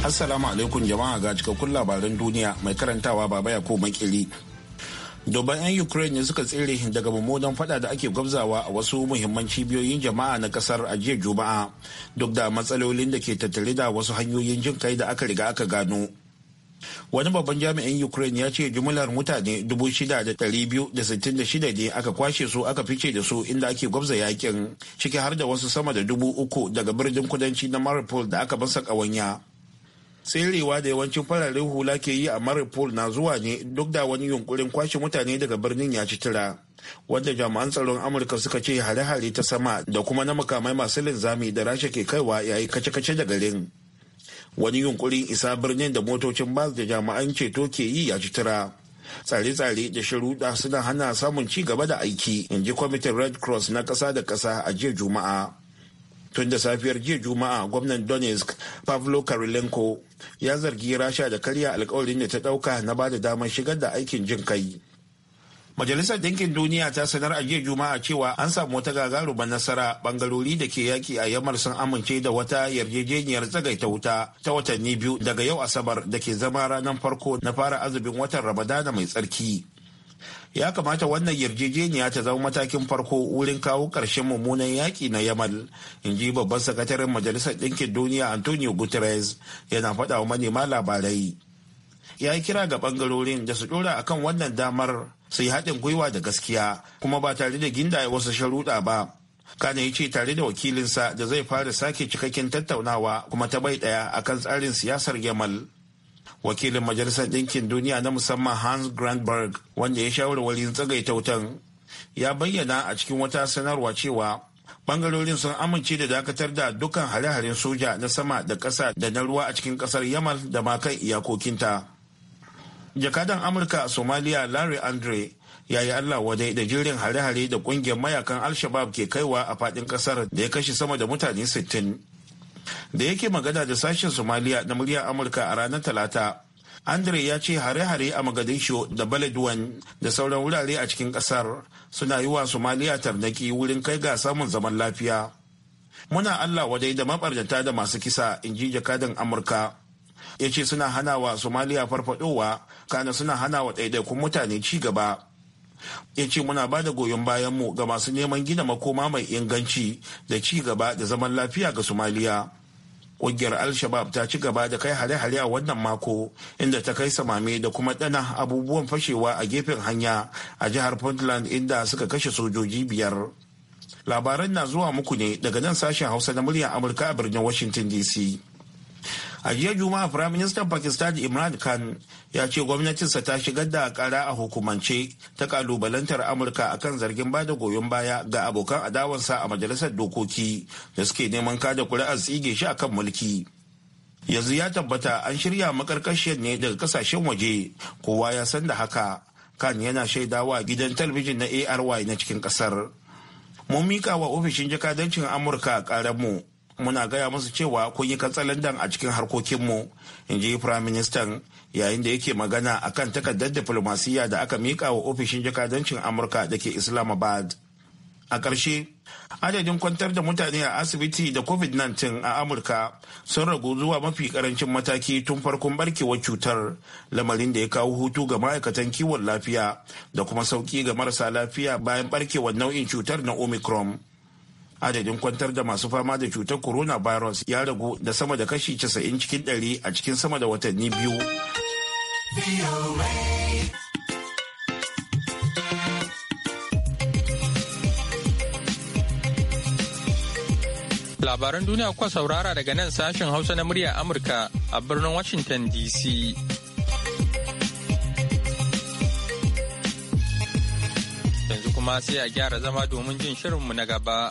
Assalamu alaikum jama'a ga cikakkun labaran duniya mai karantawa baba ya ko makili. Dubban 'yan Ukraine ne suka tsere daga mummunan fada da ake gwabzawa a wasu muhimman cibiyoyin jama'a na kasar a jiya Juma'a duk da matsalolin da ke tattare da wasu hanyoyin jin kai da aka riga aka gano. Wani babban jami'in Ukraine ya ce jumlar mutane 6,266 ne aka kwashe su aka fice da su inda ake gwabza yakin ciki har da wasu sama da dubu uku daga birnin kudanci na Mariupol da aka basa ƙawanya. tserewa da yawancin fararen hula ke yi a maripol na zuwa ne duk da wani yunkurin kwashe mutane daga birnin ya ci tura wanda jami'an tsaron amurka suka ce hare-hare ta sama da kuma na makamai masu linzami da rasha ke kaiwa yayi kace-kace da garin wani yunkurin isa birnin da motocin bas da jami'an ceto ke yi ya ci tura tsare-tsare da shiruɗa suna hana samun ci gaba da aiki in ji kwamitin red cross na kasa da ƙasa a jiya juma'a tun da safiyar jiya juma'a gwamnan donetsk pavlo karilenko ya zargi rasha da karya alkawarin da ta dauka na bada damar shigar da aikin jin kai majalisar dinkin duniya ta sanar a jiya juma'a cewa an samu wata gagarumar nasara bangarori da ke yaki a yammar sun amince da wata yarjejeniyar tsagaita wuta ta watanni biyu daga yau asabar da ke zama ranar farko na fara azumin watan ramadana mai tsarki ya kamata wannan yarjejeniya ta zama matakin farko wurin kawo ƙarshen mummunan yaƙi na yamal in ji babban sakataren majalisar ɗinkin duniya antonio guterres yana faɗa wa manema labarai ya yi kira ga bangarorin da su ɗora akan wannan damar su yi haɗin gwiwa da gaskiya kuma ba tare da ginda ya wasu sharuɗa ba kana ya ce tare da wakilinsa da zai fara sake cikakken tattaunawa kuma ta bai ɗaya akan tsarin siyasar yamal wakilin majalisar ɗinkin duniya na musamman hans grandberg wanda ya shawarwarin tsagaita wutan ya bayyana a cikin wata sanarwa cewa bangarorin sun amince da dakatar da dukkan hare-haren soja na sama da ƙasa da na ruwa a cikin ƙasar yamal da ma kan iyakokinta jakadan amurka a somalia larry andre ya yi allah wadai da jirin hare-hare da ƙungiyar mayakan al-shabab ke kaiwa a faɗin ƙasar da ya kashe sama da mutane sittin. da yake magana da sashen somaliya na muryar amurka a ranar talata andre ya ce hare-hare a magadisho da baladwan da sauran wurare a cikin kasar suna yi wa somaliya tarnaki wurin kai ga samun zaman lafiya muna allah wadai da mabarnata da masu kisa in ji jakadan amurka ya ce suna hana wa somaliya farfadowa kana suna hana wa ɗaiɗaikun mutane ci gaba ya ce muna ba da goyon bayanmu ga masu neman gina makoma mai inganci da ci gaba da zaman lafiya ga somaliya Ƙungiyar Al-Shabab ta ci gaba da kai hare-hare a wannan mako inda ta kai samame da kuma ɗana abubuwan fashewa a gefen hanya a jihar Puntland inda suka kashe sojoji biyar. Labaran na zuwa muku ne daga nan sashen Hausa na muryar Amurka a birnin Washington DC. a jiya juma'a firaministan pakistan imran khan ya ce gwamnatinsa ta shigar da kara a hukumance ta kalubalantar amurka akan zargin bada goyon baya ga abokan adawansa a majalisar dokoki da suke neman kada kuri'ar tsige shi akan mulki yanzu ya tabbata an shirya makarkashiyar ne daga kasashen waje kowa ya san da haka kan yana shaidawa gidan talabijin na ARY na cikin kasar. Mun mika wa ofishin jakadancin Amurka a mu muna gaya musu cewa kun yi katsalandan a cikin harkokinmu in ji prime ministan yayin da yake magana a kan takardar diflomasiyya da aka mika wa ofishin jakadancin amurka da ke islamabad a ƙarshe adadin kwantar da mutane a asibiti da covid-19 a amurka sun ragu zuwa mafi karancin mataki tun farkon barkewar cutar lamarin da ya kawo hutu ga ma'aikatan kiwon lafiya da kuma sauki ga marasa lafiya bayan barkewar nau'in cutar na omicron adadin kwantar da masu fama da cutar corona virus ya ragu da sama da kashi 90 cikin 100 a cikin sama da watanni biyu. Labaran duniya kuwa saurara daga nan sashen Hausa na murya Amurka a birnin Washington DC. Yanzu kuma sai a gyara zama domin jin shirinmu na gaba.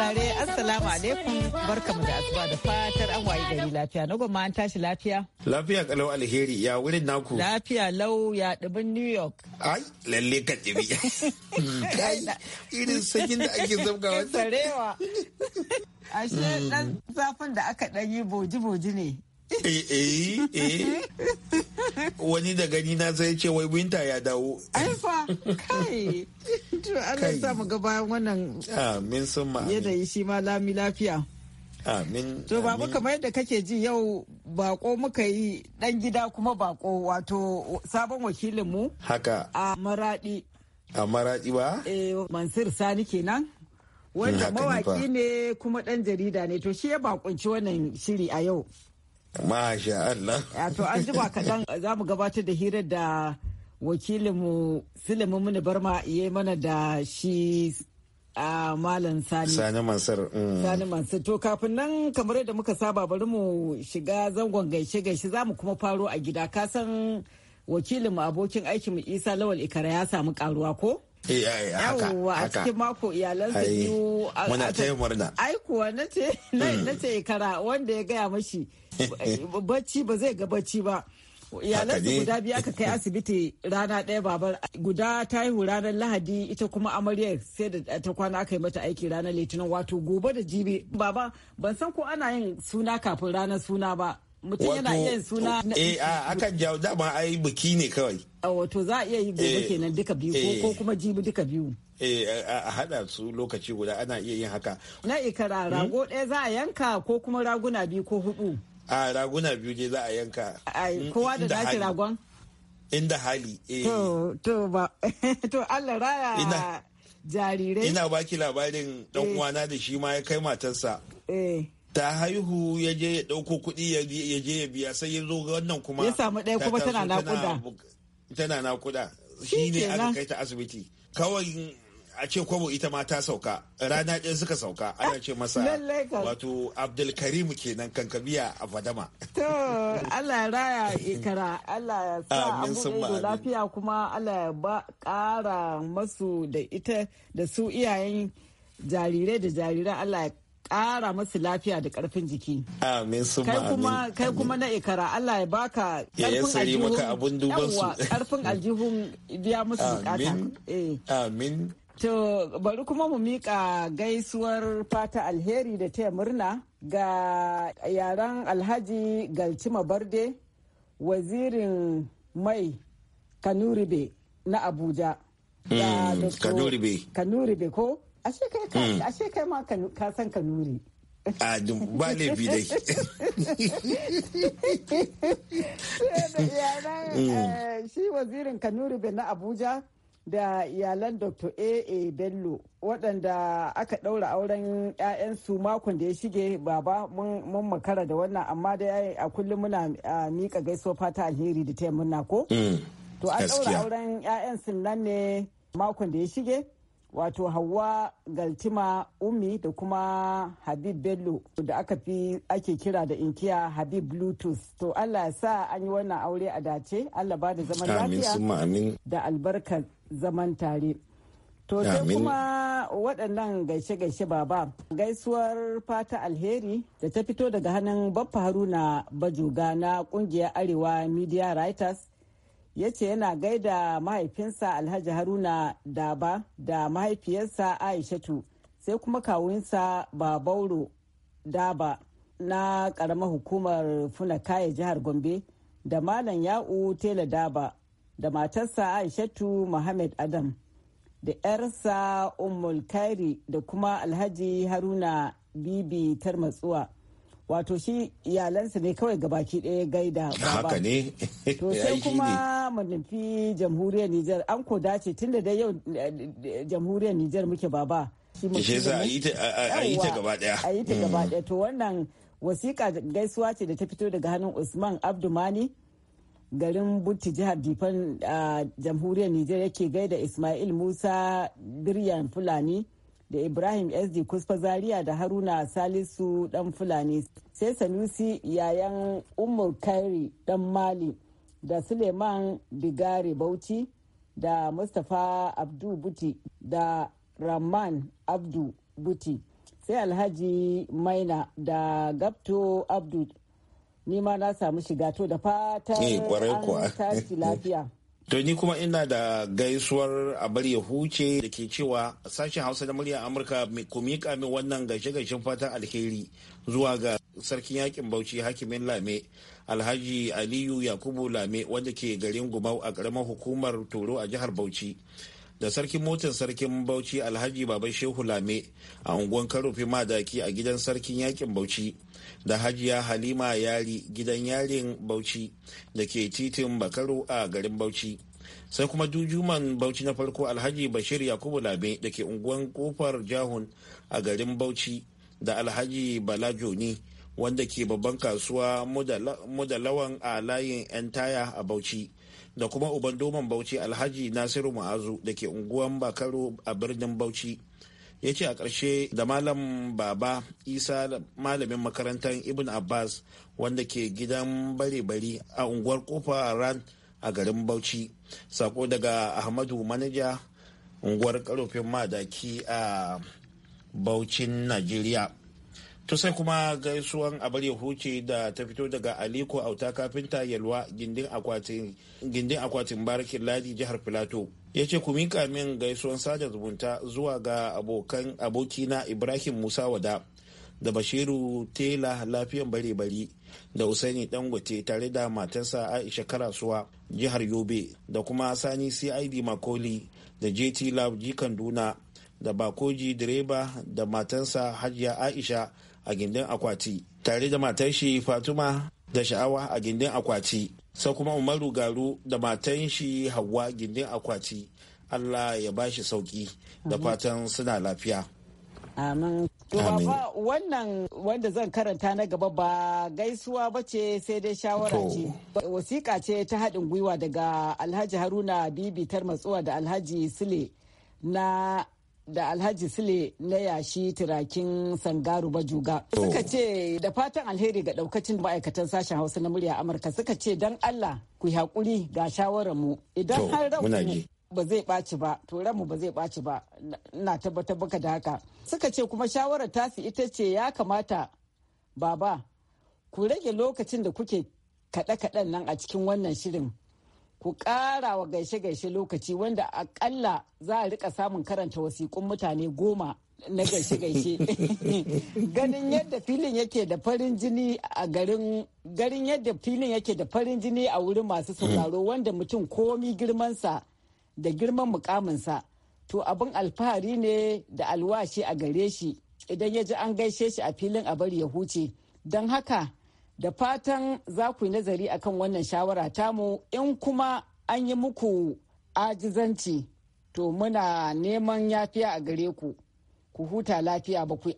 saurare assalamu alaikum barkamu da asuba da fatar an waye gari lafiya na goma an tashi lafiya lafiya kalau alheri ya wurin naku lafiya lau ya dubin new york ai lalle ka dibi irin sakin da ake wata sarewa ashe dan zafin da aka dan yi boji boji ne Eh, eh eh wani da gani na zai ce wai winter ya dawo ai fa kai to Allah ya mu ga bayan wannan amin summa yadda shi ma lami lafiya amin to baba kamar yadda kake ji yau bako muka yi dan gida kuma bako wato sabon wakilin mu haka a maradi a maradi ba eh mansur sani kenan wanda mawaki ne kuma dan jarida ne to shi ya bakunci wannan shiri a yau Masha Allah. To an jima kaɗan za mu gabatar da hirar da wakilinmu Suleiman mini Barma ya mana da shi a Malam Sani. Sani Mansur. Mm. Sani Mansur. To kafin nan kamar yadda muka saba bari mu shiga zangon gaishe-gaishe zamu kuma faro a gida. Ka san wakilinmu abokin aikinmu Isa Lawal Ikara ya samu karuwa ko? Eh, eh, eh, yawwa a cikin mako iyalansa biyu muna ta yi murna ai kuwa hmm. na ce kara wanda ya gaya mashi bacci ba zai ga bacci ba iyalansa guda biyu aka kai asibiti rana ɗaya babar guda ta haihu ranar lahadi ita kuma amaryar sai da ta kwana aka yi mata aiki ranar litinin wato gobe da jibi baba ban san ko ana yin suna kafin ranar suna ba mutum yana iya yin suna eh e a akan jawo dama yi biki ne kawai a wato za a iya yi gobe eh, kenan duka biyu eh. ko kuma jibi duka biyu eh a hada su lokaci guda ana iya yin haka na ikara hmm? rago ɗaya za a yanka ko kuma raguna biyu ko hudu a raguna biyu ne za a yanka ai hmm, kowa da dace ragon inda hali eh to to ba to Allah raya jarirai ina baki labarin dan eh. uwana da shi ma ya kai matarsa eh ta haihu ya je ya ɗauko kuɗi ya je ya biya sai ya zo wannan kuma ya samu ɗaya kuma tana nakuda tana nakuda shi ne aka kai ta asibiti kawai a ce kwabo ita ma ta sauka rana ɗaya suka sauka ana ce masa wato abdulkarim kenan kankabiya a fadama to allah ya raya ikara allah ya sa da lafiya kuma allah ya ba kara masu da ita da su iyayen jarirai da jarirai Allah ya ƙara masu lafiya da ƙarfin jiki. Amin su amin. Kai kuma na ikara Allah ya baka ƙarfin aljihun. maka abun aljihun biya musu bukata. Eh. Amin. To bari kuma mu miƙa gaisuwar fata alheri da taya murna ga yaren Alhaji Galcima Barde, wazirin mai Kanuribe na Abuja. Hmm, Kanuribe. Kanuribe ko? ashe kai ka mm. ashe ma ka kanuri a dai mm. eh, shi wazirin kanuri bin na abuja da iyalan dr aa bello waɗanda aka ɗaura auren 'ya'yansu makon da ya shige baba mun makara da wannan amma da a kullum muna miƙa gaisuwa fata alheri da taimunna ko mm. to an ɗaura auren 'ya'yansu nan ne makon da ya shige wato hawa galtima ummi da kuma habib bello da aka fi ake kira da inkiya habib bluetooth to allah ya sa an yi wannan aure a dace allah ba da zaman lafiya da albarkar zaman tare to sai kuma waɗannan gaishe-gaishe baba gaisuwar fata alheri da ta fito daga hannun baffa haruna bajuga na ƙungiyar arewa media writers ya ce yana gaida mahaifinsa alhaji haruna daba da mahaifiyarsa aishatu sai kuma kawunsa babauro daba na karamar hukumar funakaya jihar gombe da malam ya'u tela daba da matarsa aishatu muhammad adam da 'yarsa umul kairi da kuma alhaji haruna bibi tarmatsuwa wato shi iyalansa ne kawai gabaki ɗaya gaida haka ne to sai kuma mu nufi jamhuriyar Nijar an ko dace tunda da yau eh, eh, jamhuriyar Nijar muke baba shi za a yi ta gaba ɗaya a yi ta gaba mm. ɗaya to wannan wasiƙa gaisuwa ce da ta fito daga hannun Usman Abdumani garin Butti jihar Difan a jamhuriyar Nijar yake gaida Ismail Musa Biryan Fulani da Ibrahim SD Kusfa Zaria da Haruna Salisu dan Fulani sai Sanusi yayan Umar Kairi dan Mali da Suleiman Bigare Bauchi da Mustapha Abdu Buti da Rahman Abdu Buti sai Alhaji Maina da Gabto Abdu nima na samu shiga to da fatan eh, an tashi lafiya. To ni kuma ina da gaisuwar a bar ya huce da ke cewa sashen Hausa da murya Amurka ku miƙa min wannan gaishe-gaishen fatan alheri zuwa ga sarkin yakin Bauchi hakimin Lame Alhaji Aliyu Yakubu Lame wanda ke garin Gumau a ƙaramar hukumar Toro a jihar Bauchi. da sarkin motin sarkin bauchi alhaji baban shehu lame a unguwan karofi madaki a gidan sarkin yakin bauchi da hajiya halima yari gidan yarin bauchi da ke titin bakaro a garin bauchi sai kuma dujuman bauchi na farko alhaji bashir yakubu lame da ke unguwan kofar jahun a garin bauchi da alhaji bala joni wanda ke babban kasuwa mudalawan a layin 'yan taya a bauchi da kuma uban doman bauchi alhaji nasiru ma'azu da ke unguwan bakaro a birnin bauchi ya ce a ƙarshe da malam baba isa malamin makarantar ibn abbas wanda ke gidan bare-bari a unguwar kofa ran a garin bauchi sako daga ahmadu manaja unguwar karofin madaki a bauchin najeriya To sai kuma gaisuwan abar huce da ta fito daga Aliko Auta kafinta Yalwa gindin akwatin barakin ladi jihar Filato. Ya ce ku mika min gaisuwan sada zumunta zuwa ga abokan abokina Ibrahim Musa Wada da Bashiru Tela lafiyan bare-bari da Usaini Dangote tare da matarsa Aisha Karasuwa jihar Yobe da kuma Sani CID Makoli da JT Love Jikanduna da Bakoji Direba da matansa Hajiya Aisha a gindin akwati tare da matar shi fatuma da sha'awa a gindin akwati sai kuma umaru garu da matan shi hawa gindin akwati allah ya ba shi sauki da fatan suna lafiya amin wannan wanda zan karanta na gaba ba gaisuwa ba ce sai dai shawara ce wasiƙa ce ta haɗin gwiwa daga alhaji haruna bibi tarmatsuwa da alhaji sule na da alhaji sule na yashi turakin sangaru bajuga suka ce da fatan alheri ga daukacin ma'aikatan sashen hausa na murya amurka suka ce don allah ku yi haƙuri ga shawararmu idan har rauni ba zai ɓaci ba to ranmu ba zai ɓaci ba na tabbatar baka da haka suka ce kuma shawarar tasi ita ce ya kamata baba ku rage lokacin da kuke kaɗe-kaɗen nan a cikin wannan shirin ku ƙara wa gaishe-gaishe lokaci wanda akalla za a rika samun karanta wasiƙun mutane goma na gaishe-gaishe ganin yadda filin yake da farin jini a garin garin yadda filin yake da farin jini a wurin masu sauraro mm. wanda mutum komi girmansa da girman mukaminsa to abin alfahari ne da alwashi a gare shi idan ya ji an gaishe shi a filin a bari ya huce don haka da fatan za ku yi nazari akan wannan shawara tamu in kuma an yi muku ajizanci to muna neman yafiya a gare ku ku huta lafiya ba ku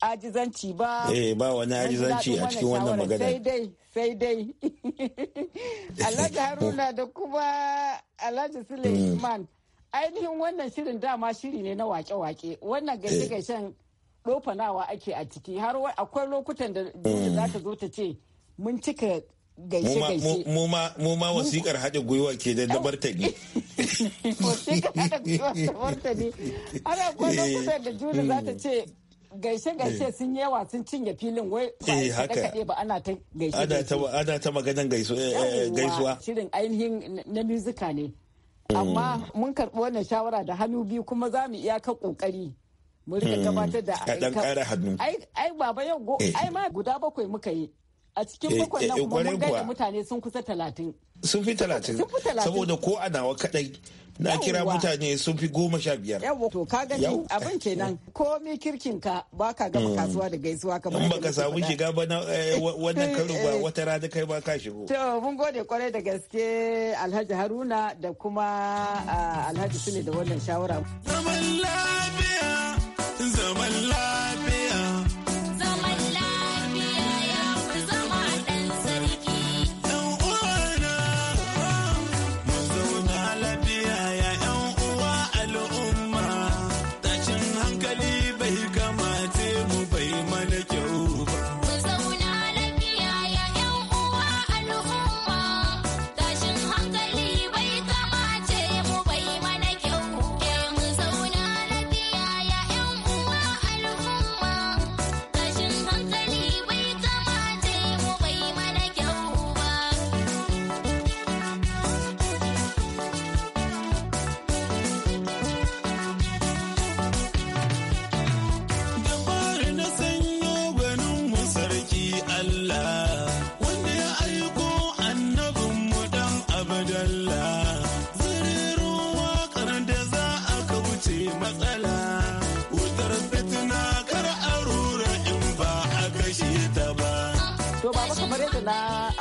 ajizanci ba eh ba wani ajizanci a cikin wannan magana sai dai sai dai alhaji haruna da kuma alhaji Suleiman mm. ainihin wannan shirin dama shiri ne na wake-wake wannan eh. gaishe-gaishen ɗofanawa ake a ciki har akwai lokutan da mm. za ta zo ta ce mun cika gaishe gaishe mu ma wasikar haɗa gwiwa ke da dabar ta ne wasikar haɗa gwiwa dabar ta ne har akwai lokutan da juna za ta mm. ce gaishe gaishe mm. sun yawa sun cinye filin wai ba eh, haka ba ana ta gaishe gaishe ana ta maganan eh, eh, gaisuwa shirin ainihin na musica ne amma mun karɓi wannan shawara da hannu biyu kuma za mu iya ka ƙoƙari mu rika hmm. gabatar da dan hannu. ai baba yau go eh. ai ma guda bakwai muka yi a cikin eh, bakwai eh, nan kuma mun ga mutane sun kusa talatin. Sun fi talatin. Saboda ko a nawa kadai na kira mutane sun fi goma sha biyar. Yawwa to ka gani abin kenan komi kirkin ka ba ka gama hmm. kasuwa da gaisuwa ka ba ka samu shiga ba wannan karo ba wata rana kai ba ka shigo. To mun gode kwarai da gaske Alhaji Haruna da kuma ah, Alhaji Sule da wannan shawara. Zaman lafiya zaman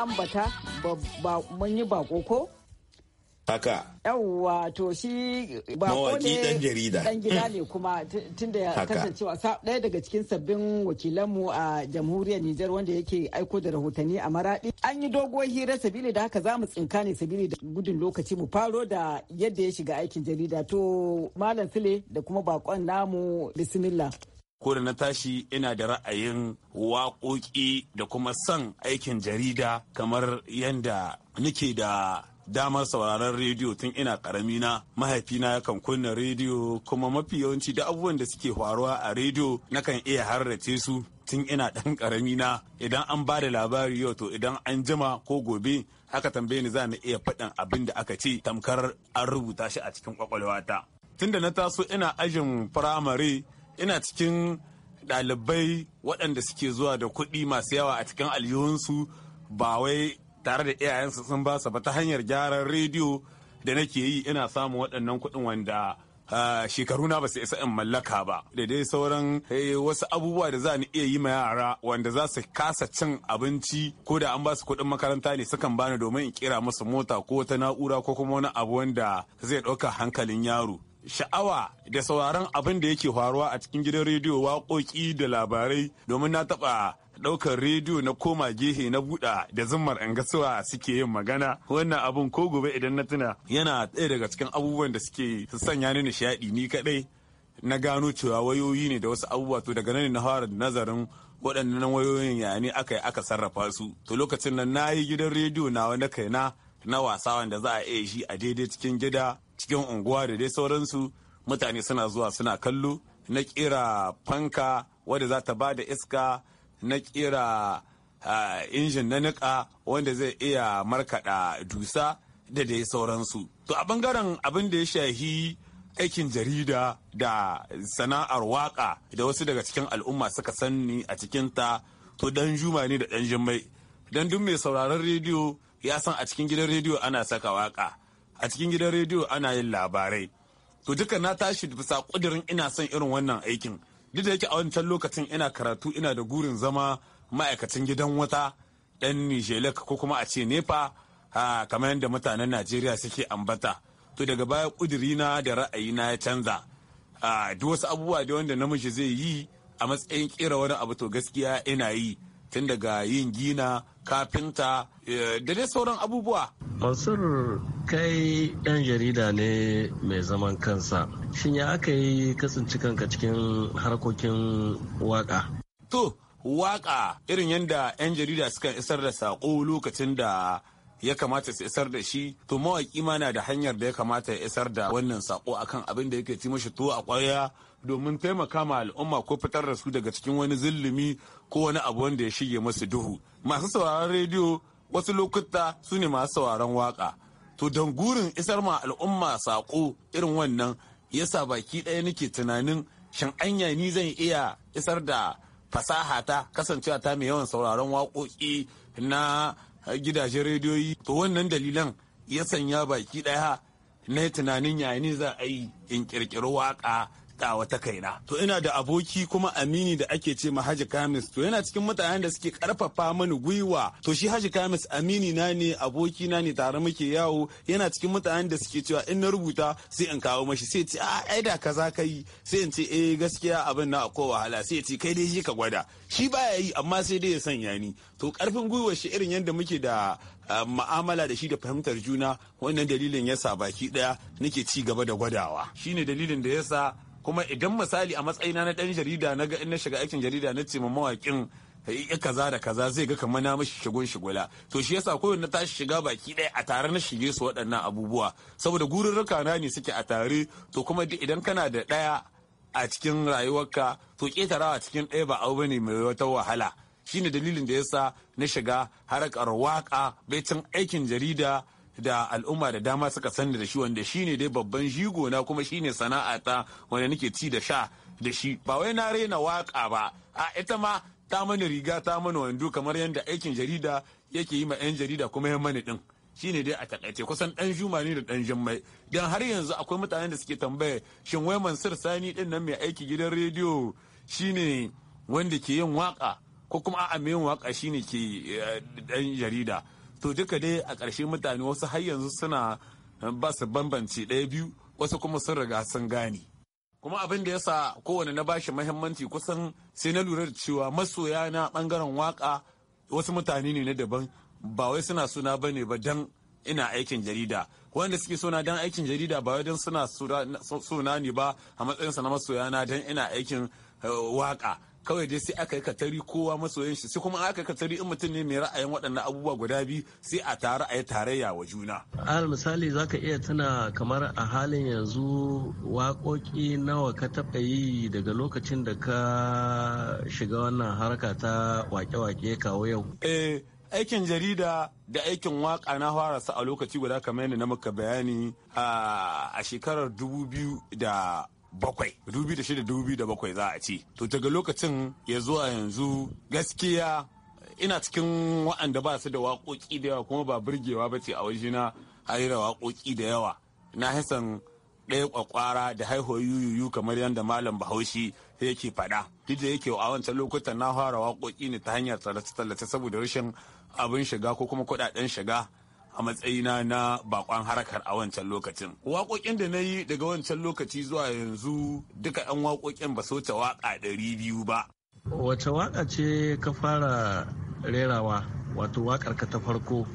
ambata mun yi bako ko? Haka. Yawwa to shi bako ne dan jarida. Dan gida ne kuma tunda ya kasance wasa. ɗaya daga cikin sabbin wakilanmu a jamhuriyar Nijar wanda yake aiko da rahotanni a maraɗi. An yi doguwar hira sabili da haka za mu tsinka ne sabili da gudun lokaci mu faro da yadda ya shiga aikin jarida to Malam file da kuma bakon namu bismillah. ko da na tashi ina da ra'ayin waƙoƙi da kuma son aikin jarida kamar yadda nake da damar sauraron rediyo tun ina karami na mahaifina yakan kunna rediyo kuma mafi yawanci da abubuwan da suke faruwa a rediyo nakan iya harrace su tun ina ɗan karami na idan an ba da labari yau to idan an jima ko gobe haka tambaye ni za na iya faɗin abin da aka ce tamkar an rubuta shi a cikin kwakwalwata tun da na taso ina ajin firamare ina cikin ɗalibai waɗanda suke zuwa da kuɗi masu yawa a cikin aljihunsu ba wai tare da iyayensu sun ba su ba ta hanyar gyaran rediyo da nake yi ina samun waɗannan kuɗin wanda ah, shekaru na ba su isa in mallaka ba da dai sauran eh, wasu abubuwa da za ni iya yi ma yara wanda za su kasa cin abinci ko da an ba su kuɗin makaranta ne sukan bani domin in kira musu mota ko wata na'ura ko kuma wani abu wanda zai ɗauka hankalin yaro sha'awa da sauraron abin da yake faruwa a cikin gidan rediyo waƙoƙi da labarai domin na taɓa ɗaukar rediyo na koma gehe na buɗa da zummar an gasuwa suke yin magana wannan abin ko gobe idan na tuna yana ɗaya daga cikin abubuwan da suke sanya ni nishaɗi ni kaɗai na gano cewa wayoyi ne da wasu abubuwa to daga nan na fara nazarin waɗannan wayoyin ya ne aka yi aka sarrafa su to lokacin nan na yi gidan rediyo na kaina na wasa wanda za a iya shi a daidai cikin gida cikin unguwa da dai sauransu mutane suna zuwa suna kallo na kira fanka wanda za ta ba da iska na kira injin na niƙa wanda zai iya markaɗa dusa da dai sauransu to a bangaren abin da ya shahi aikin jarida da sana'ar waƙa da wasu daga cikin al'umma suka sanni a cikinta to dan juma ne da dan jimmai don duk mai sauraron rediyo ya san a cikin gidan rediyo ana saka waƙa. a cikin gidan rediyo ana yin labarai to duka na tashi bisa kudirin ina son irin wannan aikin duk da yake a wancan lokacin ina karatu ina da gurin zama ma'aikacin gidan wata yan nijelek ko kuma a ce nepa kamar yadda mutanen najeriya suke ambata to daga baya kudirina da ra'ayina ya canza duk wasu abubuwa da wanda namiji zai yi a matsayin kera wani abu to gaskiya ina yi tun daga yin gina kafinta eh, da dai sauran abubuwa. Mansur kai ɗan jarida ne mai zaman kansa. Shin ya aka yi kasance kanka cikin harkokin waka? To, waka irin yadda 'yan jarida suka isar da saƙo lokacin da ya kamata su isar da shi to mawaƙi ma na da hanyar da ya kamata ya isar da wannan sako akan abin da yake ci mashi tuwo a kwarya domin taimaka ma al'umma ko fitar da su daga cikin wani zillumi ko wani abu wanda ya shige masu duhu masu sauraron rediyo wasu lokuta su ne masu sauraron waka to don gurin isar ma al'umma saƙo irin wannan yasa baki ɗaya nake tunanin shin anya ni zan iya isar da fasaha ta kasancewa ta mai yawan sauraron waƙoƙi na gidajen rediyoyi to wannan dalilan ya sanya baki ɗaya na tunanin yayin za a yi in ƙirƙiri waƙa dawa ta kaina to ina da aboki kuma amini da ake ce ma Haji Kamis to yana cikin mutanen da suke karfafa mani gwiwa to shi Haji Kamis amini na ne aboki na ne tare muke yawo yana cikin mutanen da suke cewa in na rubuta sai in kawo mashi sai ce a ah, ai da kaza kai sai in ce eh gaskiya abin na akwai wahala sai ce kai dai ka gwada shi baya yi amma sai dai ya sanya ni to karfin gwiwar shi irin yadda muke da ah, ma'amala da shi da fahimtar juna wannan dalilin yasa baki daya nake ci gaba da gwadawa shine dalilin da yasa kuma idan misali a matsayina na dan jarida na ga in shiga aikin jarida na ce ma mawaƙin kaza da kaza zai ga kamar na mashi shigon shigula to shi yasa kowanne na tashi shiga baki ɗaya a tare na shige su waɗannan abubuwa saboda gururruka na ne suke a tare to kuma duk idan kana da ɗaya a cikin rayuwarka to ketarawa cikin ɗaya ba abu ne mai wata wahala shine dalilin da yasa na shiga harkar waka baicin aikin jarida da al'umma da dama suka sani da shi wanda shi ne dai babban jigo na kuma shi shine sana'ata wanda nake ci da sha da shi ba wai na raina waka ba a ita ma ta mani riga ta mani wando kamar yadda aikin jarida yake yi ma 'yan jarida kuma yan mani din ne dai a takaice kusan dan juma ne da dan jammai dan har yanzu akwai mutanen da suke tambaya shin wai mansur sani din nan mai aiki gidan rediyo shi ne wanda ke yin waka ko kuma a'a mai yin waka ne ke dan eh, jarida to duka dai a ƙarshe mutane wasu har yanzu suna eh, ba su bambanci ɗaya biyu wasu kuma sun riga sun gane kuma abin da yasa kowane na bashi mahimmanci kusan sai na lura da cewa masoya na bangaren waka wasu mutane ne na daban ba wai suna suna bane ba dan ina aikin jarida wanda suke suna dan aikin jarida ba wai dan suna suna ne ba a matsayinsa na masoya na dan ina aikin eh, waka kawai dai sai aka yi katari kowa masoyin shi sai kuma aka yi katari in mutum ne mai ra'ayin waɗannan abubuwa guda biyu sai a tare a yi tarayya wa juna. al misali za ka iya tuna kamar a halin yanzu waƙoƙi nawa ka taɓa yi daga lokacin da ka shiga wannan harka ta wake-wake kawo yau. eh aikin jarida da aikin waka na fara su a lokaci guda kamar yadda na muka bayani ah, a shekarar dubu biyu da bakwai dubi da shida dubi da bakwai za a ci to daga lokacin ya zuwa yanzu gaskiya ina cikin waɗanda ba su da waƙoƙi da yawa kuma ba burgewa ba ce a waje na harira waƙoƙi da yawa na hasan ɗaya ƙwaƙwara da haihuwar yuyuyu kamar yadda malam bahaushe yake faɗa duk da yake a wancan lokutan na fara waƙoƙi ne ta hanyar tallace-tallace saboda rashin abin shiga ko kuma kuɗaɗen shiga a matsayina na bakon harakar a wancan lokacin waƙoƙin da na yi daga wancan lokaci zuwa yanzu duka 'yan waƙoƙin ba sauta waƙa ɗari biyu ba wace waƙa ce ka fara rerawa wato waƙar ka ta farko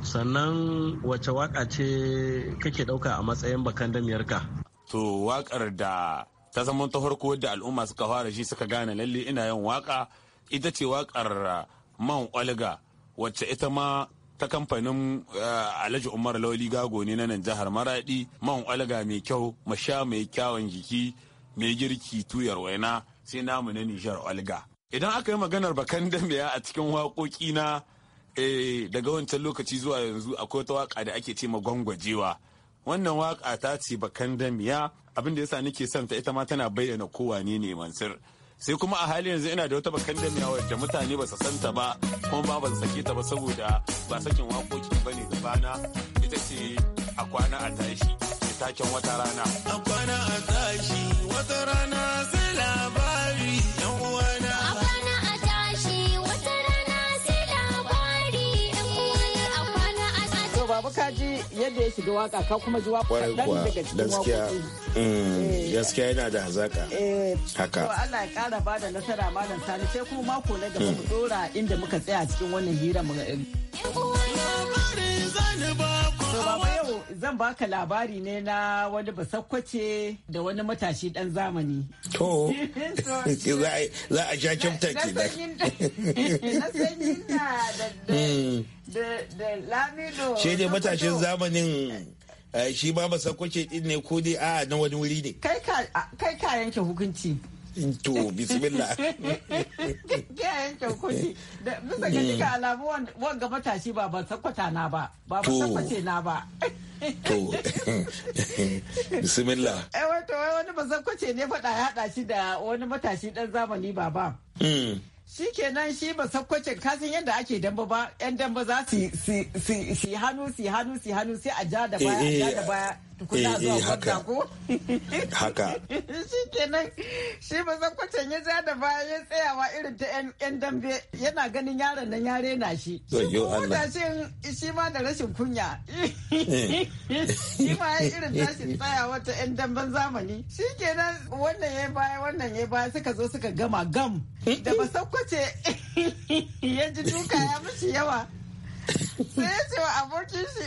sannan wace waƙa ce kake ɗauka a matsayin bakan damiyarka to waƙar da ta zama ta farko da al'umma suka fara shi suka gane lalle ina yin waƙa ita ce waƙar man olga wacce ita ma ta kamfanin eh, alhaji umar lawali gago ne na nan jihar maradi man alga mai kyau masha mai kyawun jiki mai girki tuyar waina sai namu na nijar olga. idan aka yi maganar bakan dambiya a cikin waƙoƙi na eh, daga wancan lokaci zuwa yanzu akwai wata waƙa da ake ce ma gwangwajewa wannan waƙa ta ce bakan dambiya abin da yasa nake son ta ita ma tana bayyana kowane ne mansur sai kuma a halin yanzu ina da wata bakan damiya wadda mutane ba su santa ba kuma ba ban sake ta ba saboda ba sakin waƙoƙi ba ne da bana ita ce a kwana a tashi taken wata rana a kwana a tashi wata rana sai labari yadda ya shiga waka ka kuma ji waka kaɗan daga cikin mm, eh. Gaskiya yana da hazaka. Eh. Haka. To Allah ya kara ba da nasara malam sani sai kuma mako na gaba mu dora mm. inda muka tsaya cikin wannan hira mu ga zan baka labari ne na wani basakwace da wani matashi dan zamani. To, za a sha kyauta ke da. Na hmm. da da lamido. Shi ne matashin zamanin eh, shi ma basakwace din ne ko dai a na wani wuri ne. Kai ka yanke hukunci. to bismillah to kyaukuri da bisa ga duka alamu wanga matashi ba ban sakwata na ba ba ban sakwace na ba to bismillah eh wato wani ban sakwace ne fada ya hada shi da wani matashi ɗan zamani ba ba hmm. shi kenan shi ba sakwace kasin yadda ake damba ba yan damba za su yi hannu su yi hannu su yi hannu sai a ja da baya a ja da eh, eh. baya eh, eh haka haka shi kenan shi ba zan kwacen ya ja da baya ya tsayawa irin ta yan dambe yana ganin yaron nan ya rena shi shi kuma shi ma da rashin kunya eh. shi ma ya irin tashin tsayawa ta yan damben zamani shi kenan wannan ya baya wannan ya baya suka zo suka gama gam da ba sakwace ya ji duka ya mishi yawa sai ya ce wa abokin shi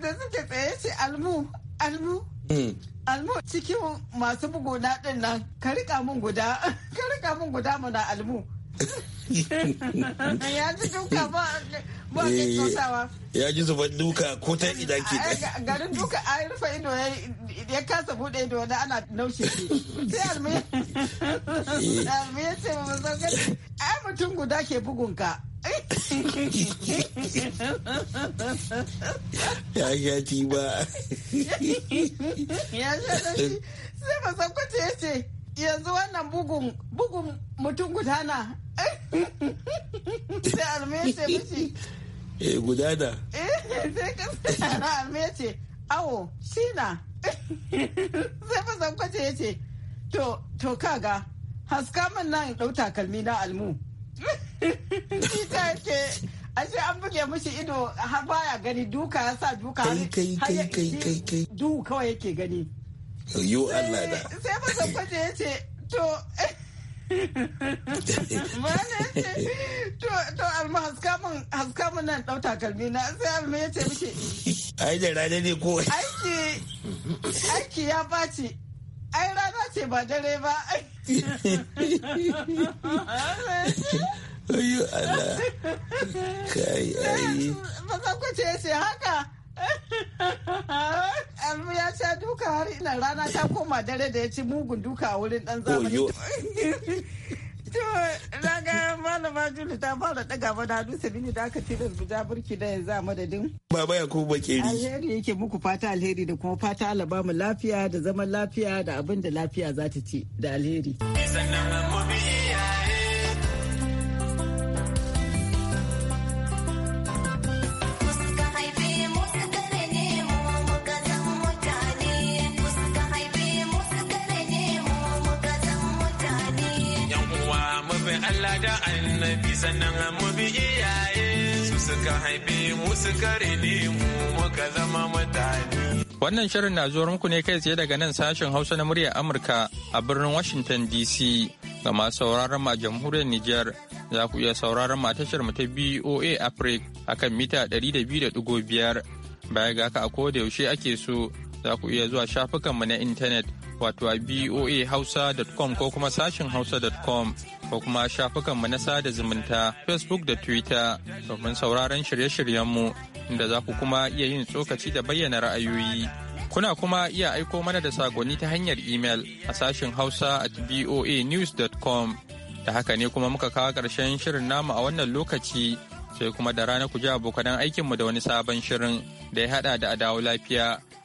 da suke tsaye shi almu almu mm. almu cikin masu bugu na din nan ka rika mun guda ka rika guda mana almu ya ji duka ba ba ke eh, tosawa ya ji zuba duka ko ta ina ke garin duka a rufe ido ya kasa bude ido da ana naushe sai almu ya eh. ce ba mu san ai mutum guda ke bugunka ya ya ci ba ya sha shi sai ba san kwace ya ce yanzu wannan bugun bugun mutum guda na sai alme ya ce mishi eh guda da eh sai sai alme ya ce awo shi na sai ba san kwace ya ce to to kaga haska min nan ɗau takalmi na almu Tita ce, ashe an buge mishi ido har baya gani duka ya sa duka har kai kai kai kai kai duhu kawai yake gani. Yo Allah da. Sai masa kwace ya ce, to to alma haska mun nan ɗau takalmi na sai alma ya ce muke ai da rana ne ko aiki aiki ya baci ai rana ce ba dare ba Ayu ala Kai ayi. Baka kuce ce haka. Almu ya sha duka har ina rana ta koma dare da ya ci mugun duka a wurin dan zamani. na ga malama Julu ta fara daga mana hannu sabini da aka tilas buja burki da yanzu a madadin. Baba ya ko Alheri yake muku fata alheri da kuma fata Allah lafiya da zaman lafiya da abin da lafiya za ta ci da alheri. Sannan mu sannan mu bi iyaye su suka haife mu suka rene mu muka zama mutane. Wannan shirin na zuwar muku ne kai tsaye daga nan sashen Hausa na muryar Amurka a birnin Washington DC ga masu sauraron ma jamhuriyar Nijar za ku iya sauraron ma tashar mu ta BOA Africa akan mita 200.5 baya ga haka a koda yaushe ake so za ku iya zuwa shafukanmu na intanet wato a voa hausa.com ko kuma sashin hausa.com ko kuma shafukanmu na sada zumunta facebook da twitter domin sauraron shirye-shiryenmu inda za ku kuma iya yin tsokaci da bayyana ra'ayoyi kuna kuma iya aiko mana da sagoni ta hanyar email a sashin hausa at news.com da haka ne kuma muka kawo karshen shirin namu a wannan lokaci sai kuma da rana ku ji abokanan aikinmu da wani sabon shirin da ya hada da adawo lafiya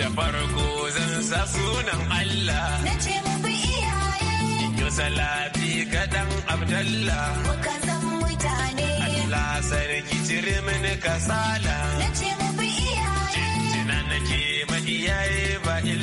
Da farko zan sa sunan Allah. Na ce mu bi iyaye. Yi salati ga dan Abdallah. Muka zan mutane. Allah sarki cirimin mini kasala. Na ce mu bi iyaye. Jinjina nake ma iyaye ba